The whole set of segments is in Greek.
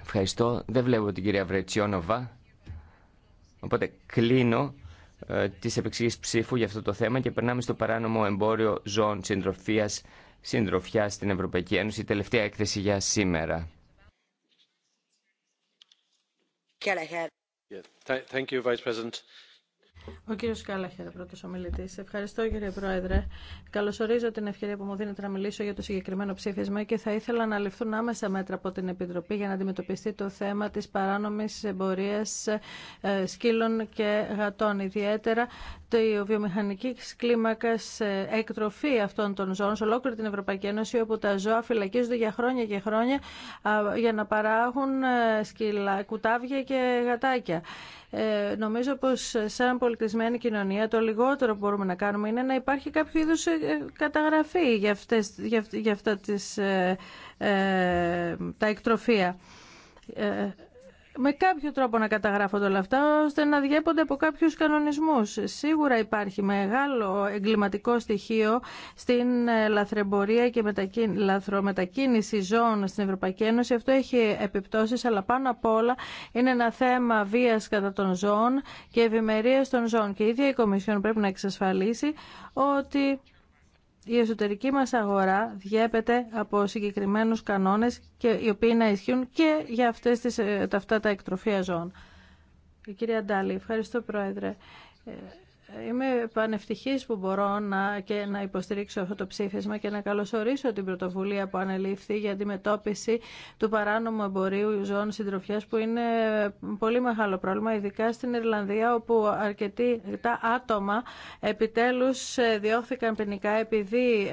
Ευχαριστώ. Δεν βλέπω την κυρία Βρετσιόνοβα. Οπότε κλείνω ε, τις επεξηγήσει ψήφου για αυτό το θέμα και περνάμε στο παράνομο εμπόριο ζώων συντροφίας συντροφιά στην Ευρωπαϊκή Ένωση. Η τελευταία έκθεση για σήμερα. Thank you, Vice President. Ο κύριο Κάλαχερ, πρώτο ομιλητή. Ευχαριστώ, κύριε Πρόεδρε. Καλωσορίζω την ευκαιρία που μου δίνετε να μιλήσω για το συγκεκριμένο ψήφισμα και θα ήθελα να ληφθούν άμεσα μέτρα από την Επιτροπή για να αντιμετωπιστεί το θέμα τη παράνομη εμπορία ε, σκύλων και γατών. Ιδιαίτερα το βιομηχανική κλίμακα εκτροφή αυτών των ζώων σε ολόκληρη την Ευρωπαϊκή Ένωση, όπου τα ζώα φυλακίζονται για χρόνια και χρόνια για να παράγουν ε, σκυλα, κουτάβια και γατάκια. Ε, νομίζω πως σαν πολιτισμένη κοινωνία το λιγότερο που μπορούμε να κάνουμε είναι να υπάρχει κάποιο είδους ε, καταγραφή για, αυτές, αυτά τις, ε, τα εκτροφία με κάποιο τρόπο να καταγράφονται όλα αυτά ώστε να διέπονται από κάποιους κανονισμούς. Σίγουρα υπάρχει μεγάλο εγκληματικό στοιχείο στην ε, λαθρεμπορία και μετακίν... λαθρομετακίνηση ζώων στην Ευρωπαϊκή Ένωση. Αυτό έχει επιπτώσεις, αλλά πάνω απ' όλα είναι ένα θέμα βίας κατά των ζώων και ευημερία των ζώων. Και η ίδια η Κομισιόν πρέπει να εξασφαλίσει ότι η εσωτερική μας αγορά διέπεται από συγκεκριμένους κανόνες και, οι οποίοι να ισχύουν και για αυτές τις, ε, αυτά τα εκτροφία ζώων. κυρία Ντάλη, ευχαριστώ Πρόεδρε. Ε, Είμαι πανευτυχής που μπορώ να, και να υποστηρίξω αυτό το ψήφισμα και να καλωσορίσω την πρωτοβουλία που ανελήφθη για αντιμετώπιση του παράνομου εμπορίου ζώων συντροφιά που είναι πολύ μεγάλο πρόβλημα, ειδικά στην Ιρλανδία όπου αρκετοί τα άτομα επιτέλους ε, διώχθηκαν ποινικά επειδή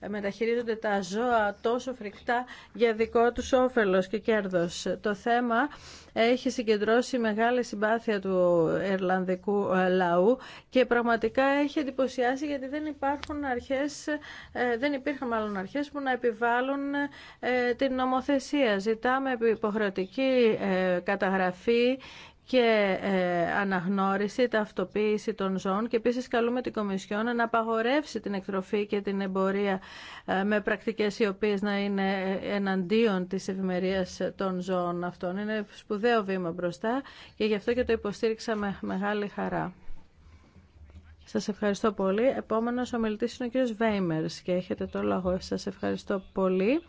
ε, μεταχειρίζονται τα ζώα τόσο φρικτά για δικό τους όφελος και κέρδος. Το θέμα έχει συγκεντρώσει μεγάλη συμπάθεια του ερλανδικού ε, λαού και πραγματικά έχει εντυπωσιάσει γιατί δεν υπάρχουν αρχές, ε, δεν υπήρχαν μάλλον αρχές που να επιβάλλουν ε, την νομοθεσία. Ζητάμε υποχρεωτική ε, καταγραφή και αναγνώριση, ταυτοποίηση των ζώων και επίσης καλούμε την Κομισιόν να απαγορεύσει την εκτροφή και την εμπορία με πρακτικές οι οποίες να είναι εναντίον της ευημερία των ζώων αυτών. Είναι σπουδαίο βήμα μπροστά και γι' αυτό και το υποστήριξα με μεγάλη χαρά. Σα ευχαριστώ πολύ. Επόμενο ο είναι ο κύριος Βέιμερς και έχετε το λόγο. Σα ευχαριστώ πολύ.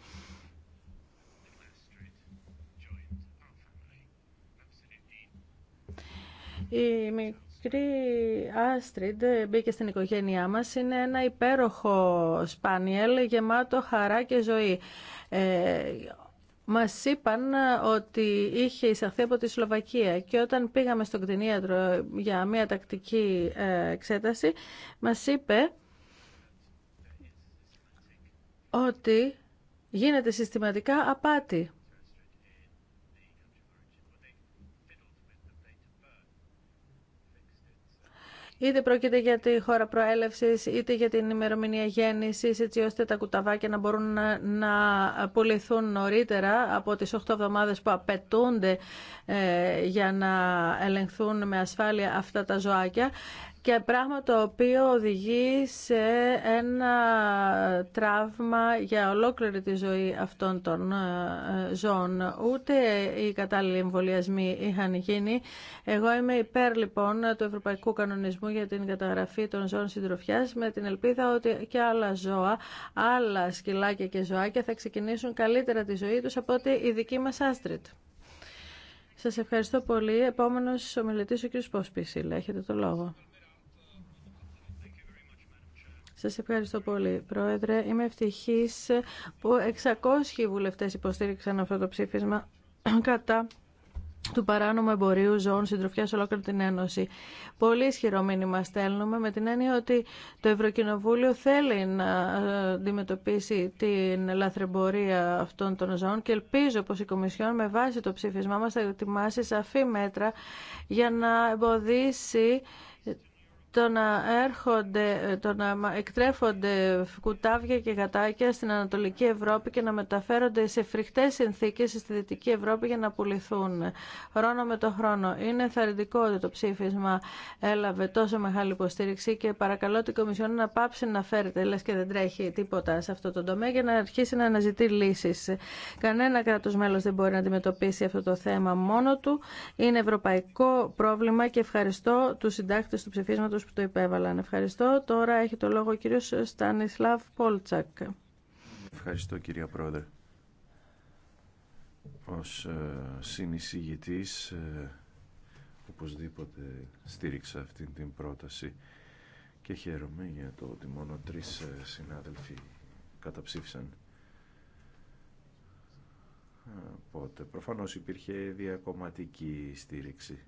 Η μικρή Άστριντ μπήκε στην οικογένειά μας. Είναι ένα υπέροχο σπάνιελ γεμάτο χαρά και ζωή. Ε, Μα είπαν ε, ότι είχε εισαχθεί από τη Σλοβακία και όταν πήγαμε στον κτηνίατρο για μια τακτική ε, εξέταση μα είπε ότι γίνεται συστηματικά απάτη. είτε πρόκειται για τη χώρα προέλευση, είτε για την ημερομηνία γέννησης, έτσι ώστε τα κουταβάκια να μπορούν να, να πουληθούν νωρίτερα από τις 8 εβδομάδες που απαιτούνται ε, για να ελεγχθούν με ασφάλεια αυτά τα ζωάκια και πράγμα το οποίο οδηγεί σε ένα τραύμα για ολόκληρη τη ζωή αυτών των ε, ζώων. Ούτε οι κατάλληλοι εμβολιασμοί είχαν γίνει. Εγώ είμαι υπέρ λοιπόν του Ευρωπαϊκού Κανονισμού για την καταγραφή των ζώων συντροφιά, με την ελπίδα ότι και άλλα ζώα, άλλα σκυλάκια και ζωάκια θα ξεκινήσουν καλύτερα τη ζωή τους από ότι η δική μας Άστριτ. Σας ευχαριστώ πολύ. Επόμενος ομιλητής ο κ. Πόσπης, Έχετε το λόγο. Σας ευχαριστώ πολύ, Πρόεδρε. Είμαι ευτυχής που 600 βουλευτές υποστήριξαν αυτό το ψήφισμα κατά του παράνομου εμπορίου ζώων συντροφιά σε ολόκληρη την Ένωση. Πολύ ισχυρό μήνυμα στέλνουμε με την έννοια ότι το Ευρωκοινοβούλιο θέλει να αντιμετωπίσει την λαθρεμπορία αυτών των ζώων και ελπίζω πως η Κομισιόν με βάση το ψήφισμά μας θα ετοιμάσει σαφή μέτρα για να εμποδίσει το να έρχονται, ε, το να εκτρέφονται κουτάβια και γατάκια στην Ανατολική Ευρώπη και να μεταφέρονται σε φρικτές συνθήκες στη Δυτική Ευρώπη για να πουληθούν χρόνο με το χρόνο. Είναι θαρρυντικό ότι το ψήφισμα έλαβε τόσο μεγάλη υποστήριξη και παρακαλώ την Κομισιόν να πάψει να φέρεται, λες και δεν τρέχει τίποτα σε αυτό το τομέα για να αρχίσει να αναζητεί λύσεις. Κανένα κράτος μέλος δεν μπορεί να αντιμετωπίσει αυτό το θέμα μόνο του. Είναι ευρωπαϊκό πρόβλημα και ευχαριστώ τους συντάκτες του ψηφίσματος που το υπέβαλαν. Ευχαριστώ. Τώρα έχει το λόγο ο κύριος Στανισλάβ Πόλτσακ. Ευχαριστώ κυρία Πρόεδρε. Ως ε, συνεισηγητής ε, οπωσδήποτε στήριξα αυτή την πρόταση και χαίρομαι για το ότι μόνο τρεις ε, συνάδελφοι καταψήφισαν. Οπότε προφανώς υπήρχε διακομματική στήριξη.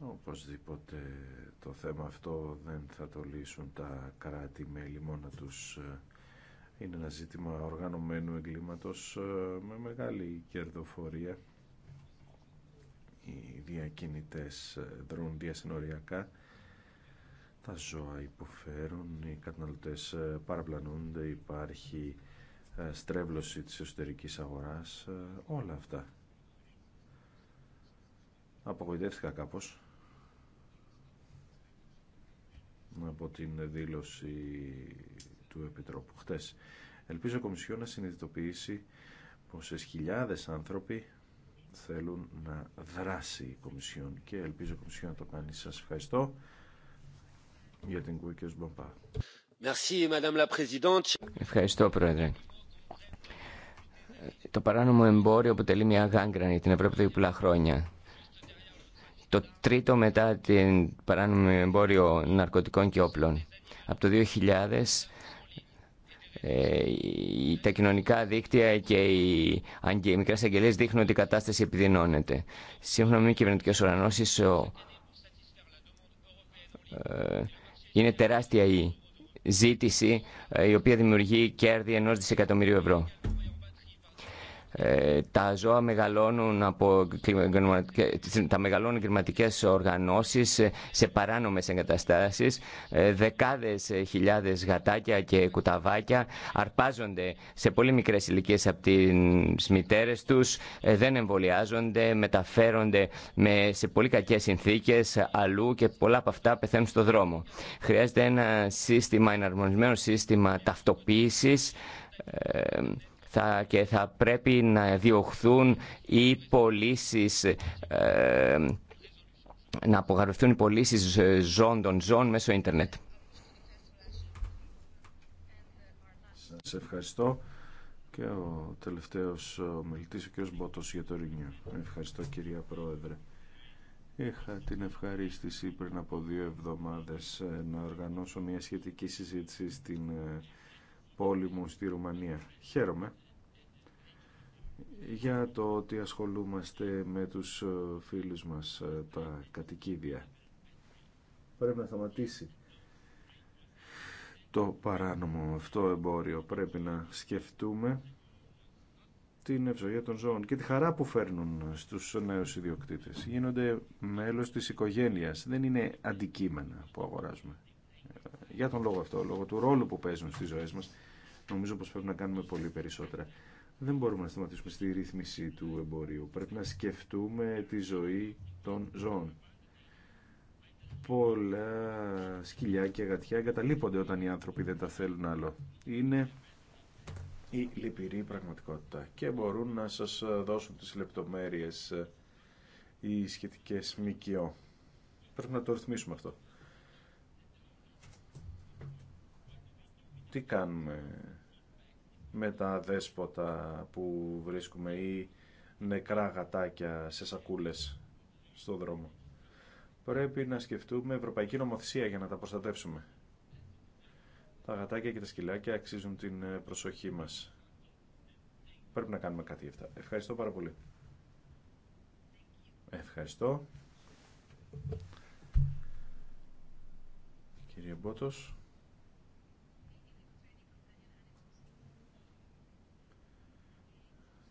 Οπωσδήποτε το θέμα αυτό δεν θα το λύσουν τα κράτη-μέλη μόνα τους. Είναι ένα ζήτημα οργανωμένου εγκλήματος ε, με μεγάλη κερδοφορία. Οι διακινητές ε, δρούν διασυνοριακά. Τα ζώα υποφέρουν, οι καταναλωτές ε, παραπλανούνται, υπάρχει στρέβλωση της εσωτερικής αγοράς, όλα αυτά. Απογοητεύτηκα κάπως από την δήλωση του Επιτρόπου χτες. Ελπίζω η Κομισιό να συνειδητοποιήσει πόσες χιλιάδες άνθρωποι θέλουν να δράσει η Κομισιόν και ελπίζω η Κομισιόν να το κάνει. Σας ευχαριστώ για την Κουίκιος μπαμπά. Ευχαριστώ, Πρόεδρε. Το παράνομο εμπόριο αποτελεί μια γάγκρανη την Ευρώπη τα πολλά χρόνια το τρίτο μετά την παράνομη εμπόριο ναρκωτικών και όπλων. Από το 2000 ε, τα κοινωνικά δίκτυα και οι μικρές αγγελίες δείχνουν ότι η κατάσταση επιδεινώνεται. Σύμφωνα με κυβερνητικές οργανώσεις ε, είναι τεράστια η ζήτηση ε, η οποία δημιουργεί κέρδη ενός δισεκατομμυρίου ευρώ. Ε, τα ζώα μεγαλώνουν από τα μεγαλώνουν κλιματικές οργανώσεις σε παράνομες εγκαταστάσεις. Ε, δεκάδες ε, χιλιάδες γατάκια και κουταβάκια αρπάζονται σε πολύ μικρές ηλικίες από τις μητέρες τους, δεν εμβολιάζονται, μεταφέρονται με, σε πολύ κακές συνθήκες αλλού και πολλά από αυτά πεθαίνουν στο δρόμο. Χρειάζεται ένα σύστημα, εναρμονισμένο σύστημα ταυτοποίησης και θα πρέπει να διωχθούν οι πωλήσει. Ε, να απογαρωθούν οι πωλήσει ζών των ζών μέσω ίντερνετ. Σας ευχαριστώ. Και ο τελευταίος ομιλητής, ο κ. Μπότος για το Ρινιό. Ευχαριστώ κυρία Πρόεδρε. Είχα την ευχαρίστηση πριν από δύο εβδομάδες ε, να οργανώσω μια σχετική συζήτηση στην ε, πόλη μου στη Ρουμανία. Χαίρομαι για το ότι ασχολούμαστε με τους ε, φίλους μας ε, τα κατοικίδια. Πρέπει να σταματήσει το παράνομο αυτό εμπόριο. Πρέπει να σκεφτούμε την ευζοία των ζώων και τη χαρά που φέρνουν στους νέους ιδιοκτήτες. Γίνονται μέλος της οικογένειας. Δεν είναι αντικείμενα που αγοράζουμε. Ε, για τον λόγο αυτό, λόγω του ρόλου που παίζουν στις ζωές μας, νομίζω πως πρέπει να κάνουμε πολύ περισσότερα δεν μπορούμε να σταματήσουμε στη ρύθμιση του εμπορίου. Πρέπει να σκεφτούμε τη ζωή των ζώων. Πολλά σκυλιά και γατιά εγκαταλείπονται όταν οι άνθρωποι δεν τα θέλουν άλλο. Είναι η λυπηρή πραγματικότητα και μπορούν να σας δώσουν τις λεπτομέρειες οι σχετικές ΜΚΟ. Πρέπει να το ρυθμίσουμε αυτό. Τι κάνουμε με τα δέσποτα που βρίσκουμε ή νεκρά γατάκια σε σακούλες στο δρόμο. Πρέπει να σκεφτούμε ευρωπαϊκή νομοθεσία για να τα προστατεύσουμε. Τα γατάκια και τα σκυλάκια αξίζουν την ε, προσοχή μας. Πρέπει να κάνουμε κάτι γι' αυτά. Ευχαριστώ πάρα πολύ. Ευχαριστώ. Κύριε Μπότος.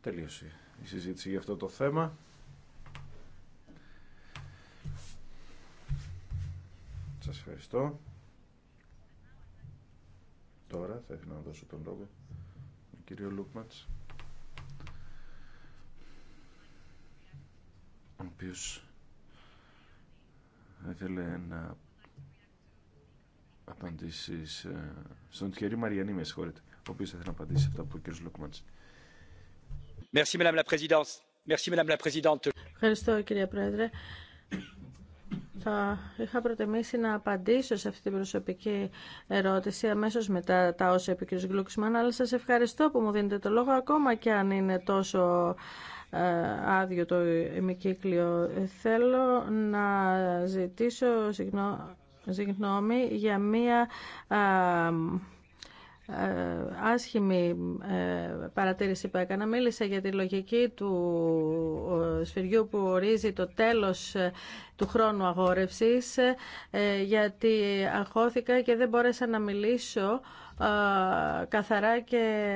Τελείωσε η συζήτηση για αυτό το θέμα. Σας ευχαριστώ. Τώρα θα ήθελα να δώσω τον λόγο στον κύριο Λούκματς ο οποίος ήθελε να απαντήσει στον τυχερή Μαριανή, με συγχωρείτε, ο οποίος θα ήθελε να απαντήσει σε αυτά που ο κύριος Λούκματς Ευχαριστώ κύριε Πρόεδρε. Θα είχα προτιμήσει να απαντήσω σε αυτή την προσωπική ερώτηση αμέσως μετά τα όσα είπε ο κ. Γκλουξμαν, αλλά σας ευχαριστώ που μου δίνετε το λόγο ακόμα και αν είναι τόσο ε, άδειο το ημικύκλιο. Θέλω να ζητήσω συγγνώμη για μία ε, ε, άσχημη ε, παρατήρηση που έκανα. Μίλησα για τη λογική του ε, σφυριού που ορίζει το τέλος του χρόνου αγόρευσης, γιατί αγχώθηκα και δεν μπόρεσα να μιλήσω καθαρά και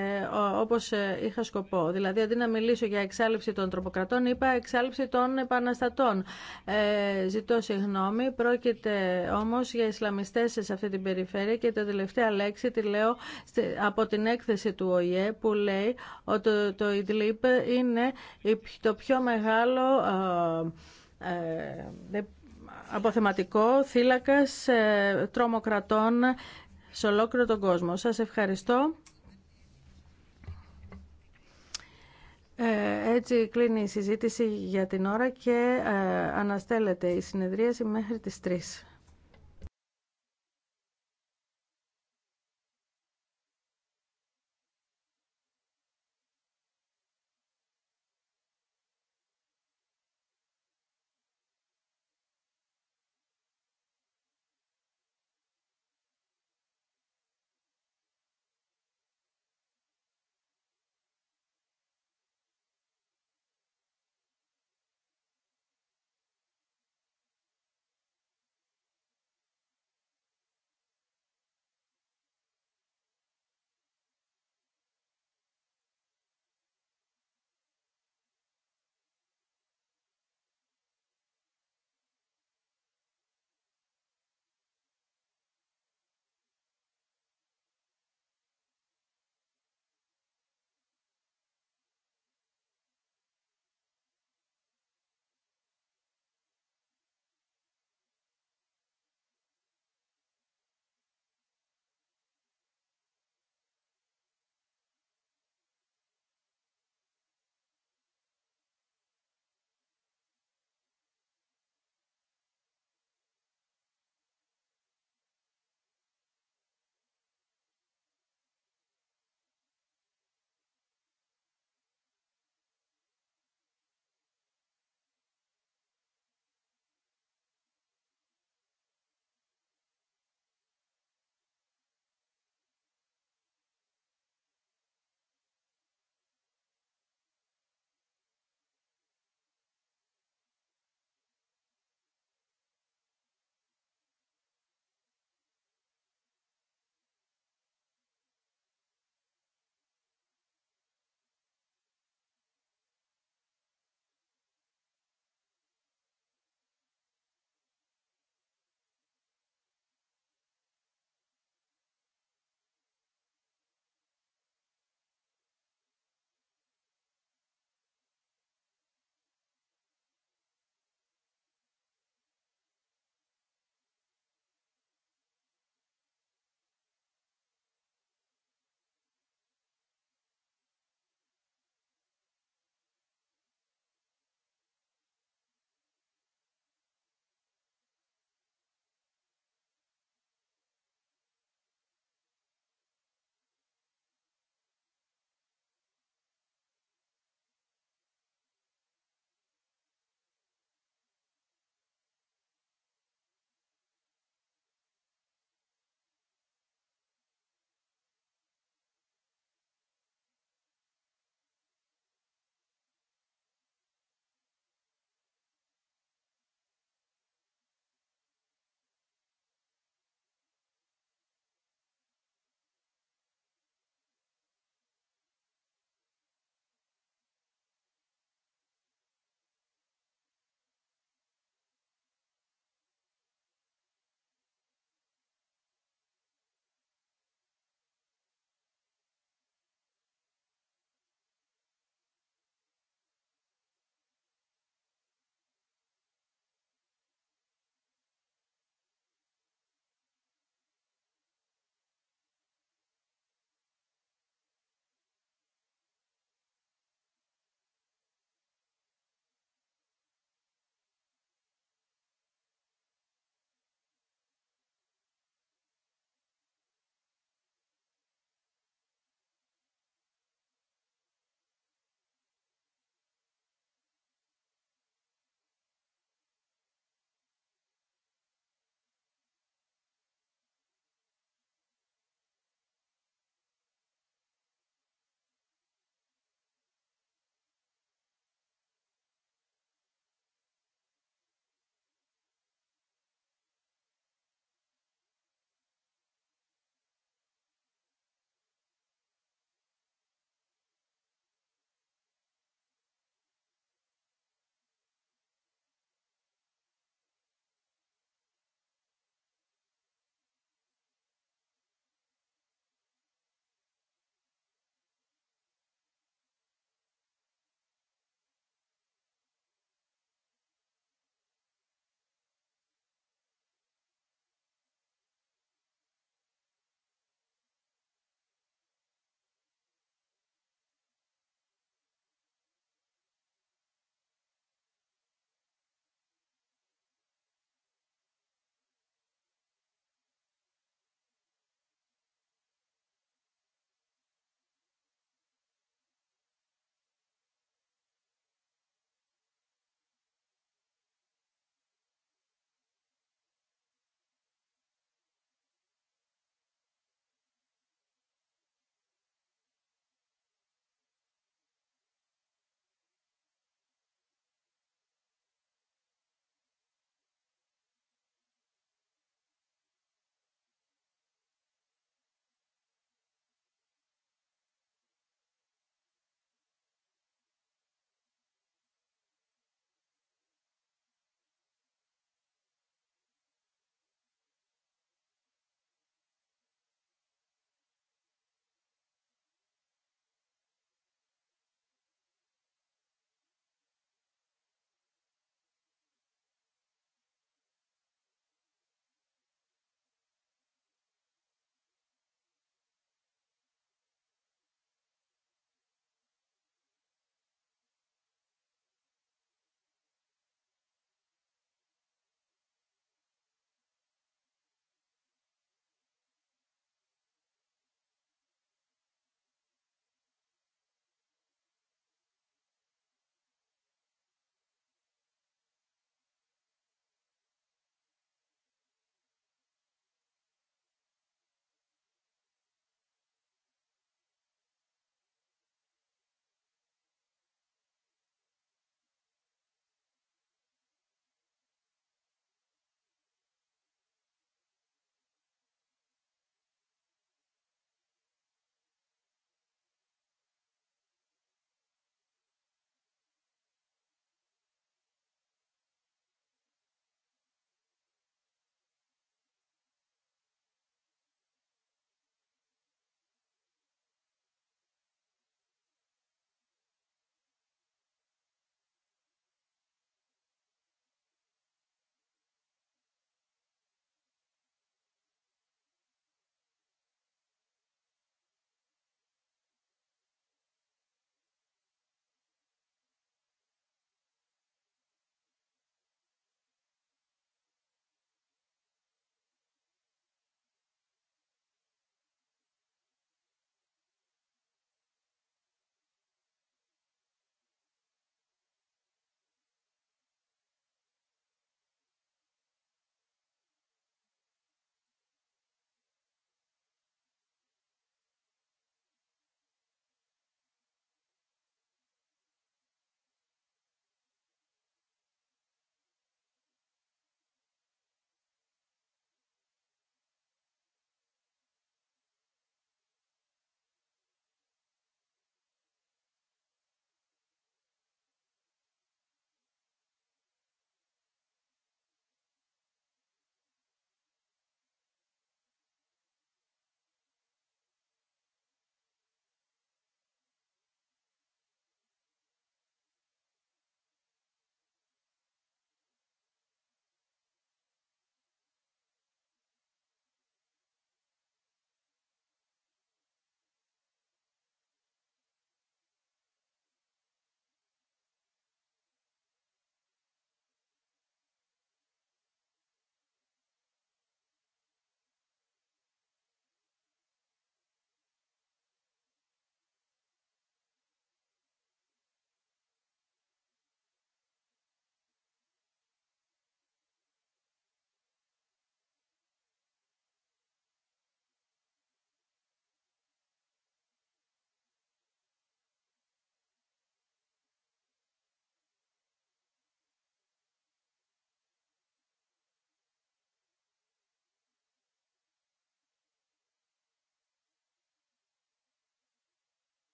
όπως ε, είχα σκοπό. Δηλαδή, αντί να μιλήσω για εξάλληψη των τροποκρατών, είπα εξάλληψη των επαναστατών. Ε, ζητώ συγγνώμη, πρόκειται όμως για Ισλαμιστές σε αυτή την περιφέρεια και τα τελευταία λέξη τη λέω από την έκθεση του ΟΗΕ που λέει ότι το, το Ιντλίπ είναι το πιο μεγάλο ε, αποθεματικό θύλακας ε, τρομοκρατών σε ολόκληρο τον κόσμο. Σας ευχαριστώ. Ε, έτσι κλείνει η συζήτηση για την ώρα και ε, αναστέλλεται η συνεδρίαση μέχρι τις 3.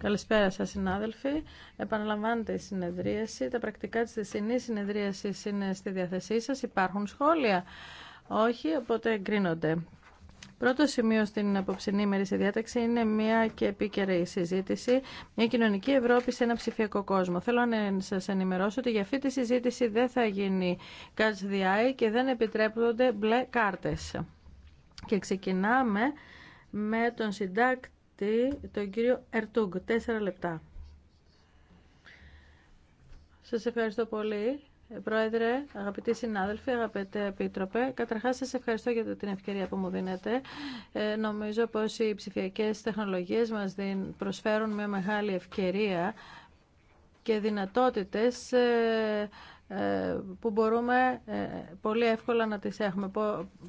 Καλησπέρα σας συνάδελφοι. Επαναλαμβάνεται η συνεδρίαση. Τα πρακτικά της θεσινής συνεδρίασης είναι στη διάθεσή σας. Υπάρχουν σχόλια. Όχι, οπότε εγκρίνονται. Πρώτο σημείο στην απόψινή ημερήσια διάταξη είναι μια και επίκαιρη συζήτηση. Μια κοινωνική Ευρώπη σε ένα ψηφιακό κόσμο. Θέλω να σα ενημερώσω ότι για αυτή τη συζήτηση δεν θα γίνει catch the και δεν επιτρέπονται μπλε κάρτε. Και ξεκινάμε με τον συντάκτη, τον κύριο Ερτούγκ. Τέσσερα λεπτά. Σας ευχαριστώ πολύ. Πρόεδρε, αγαπητοί συνάδελφοι, αγαπητέ επίτροπε, καταρχάς σας ευχαριστώ για την ευκαιρία που μου δίνετε. Ε, νομίζω πως οι ψηφιακές τεχνολογίες μας προσφέρουν μια μεγάλη ευκαιρία και δυνατότητες ε, ε, που μπορούμε ε, πολύ εύκολα να τις έχουμε.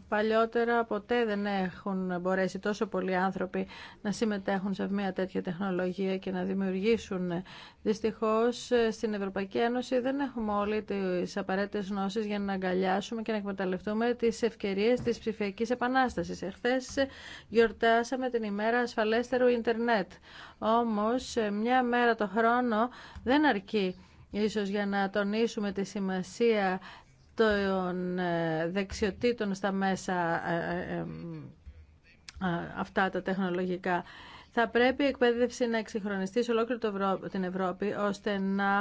Παλιότερα ποτέ δεν έχουν μπορέσει τόσο πολλοί άνθρωποι να συμμετέχουν σε μια τέτοια τεχνολογία και να δημιουργήσουν. Δυστυχώς ε, στην Ευρωπαϊκή Ένωση δεν έχουμε όλοι τις απαραίτητες γνώσεις για να αγκαλιάσουμε και να εκμεταλλευτούμε τις ευκαιρίες της ψηφιακής επανάστασης. Εχθές γιορτάσαμε την ημέρα ασφαλέστερου ίντερνετ. Όμως μια μέρα το χρόνο δεν αρκεί Ίσως για να τονίσουμε τη σημασία των ε, δεξιοτήτων στα μέσα ε, ε, αυτά τα τεχνολογικά. Θα πρέπει η εκπαίδευση να εξυγχρονιστεί σε ολόκληρη την Ευρώπη, ώστε να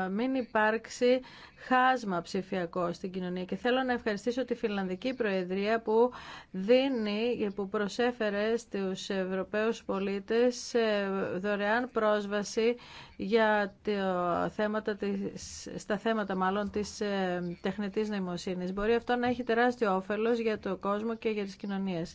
ε, ε, μην υπάρξει χάσμα ψηφιακό στην κοινωνία. Και θέλω να ευχαριστήσω τη Φιλανδική Προεδρία που δίνει, που προσέφερε στους Ευρωπαίους πολίτες ε, δωρεάν πρόσβαση για τα θέματα της, στα θέματα μάλλον της τεχνητής νοημοσύνης. Μπορεί αυτό να έχει τεράστιο όφελος για το κόσμο και για τις κοινωνίες.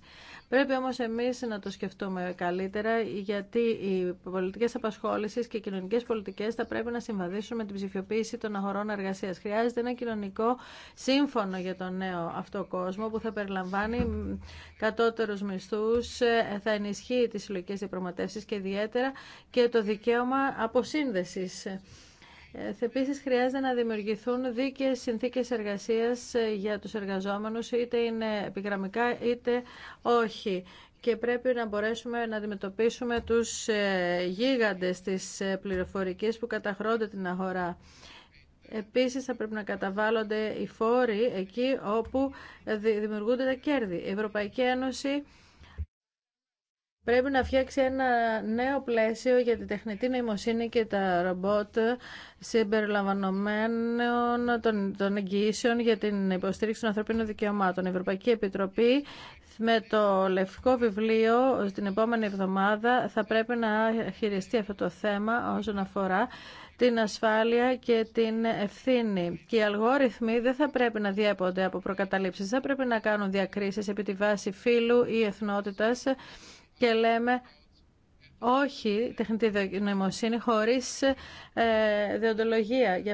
Πρέπει όμως εμείς να το σκεφτούμε καλύτερα γιατί οι πολιτικές απασχόλησης και οι κοινωνικές πολιτικές θα πρέπει να συμβαδίσουν με την ψηφιοποίηση των αγορών εργασίας. Χρειάζεται ένα κοινωνικό σύμφωνο για τον νέο αυτό κόσμο που θα περιλαμβάνει κατώτερους μισθούς, θα ενισχύει τις συλλογικέ διαπραγματεύσεις και ιδιαίτερα και το δικαίωμα αποσύνδεσης. Ε, Επίση, χρειάζεται να δημιουργηθούν δίκαιε συνθήκε εργασία ε, για του εργαζόμενου, είτε είναι επιγραμμικά είτε όχι και πρέπει να μπορέσουμε να αντιμετωπίσουμε τους ε, γίγαντες της ε, πληροφορικής που καταχρώνται την αγορά. Επίσης θα πρέπει να καταβάλλονται οι φόροι εκεί όπου ε, δημιουργούνται τα κέρδη. Η Ευρωπαϊκή Ένωση πρέπει να φτιάξει ένα νέο πλαίσιο για τη τεχνητή νοημοσύνη και τα ρομπότ συμπεριλαμβανομένων των, εγγυήσεων για την υποστήριξη των ανθρωπίνων δικαιωμάτων. Η Ευρωπαϊκή Επιτροπή με το λευκό βιβλίο στην επόμενη εβδομάδα θα πρέπει να χειριστεί αυτό το θέμα όσον αφορά την ασφάλεια και την ευθύνη. Και οι αλγόριθμοι δεν θα πρέπει να διέπονται από προκαταλήψεις, θα πρέπει να κάνουν διακρίσεις επί τη βάση φύλου ή εθνότητας και λέμε όχι τεχνητή νοημοσύνη χωρίς ε, διοντολογία.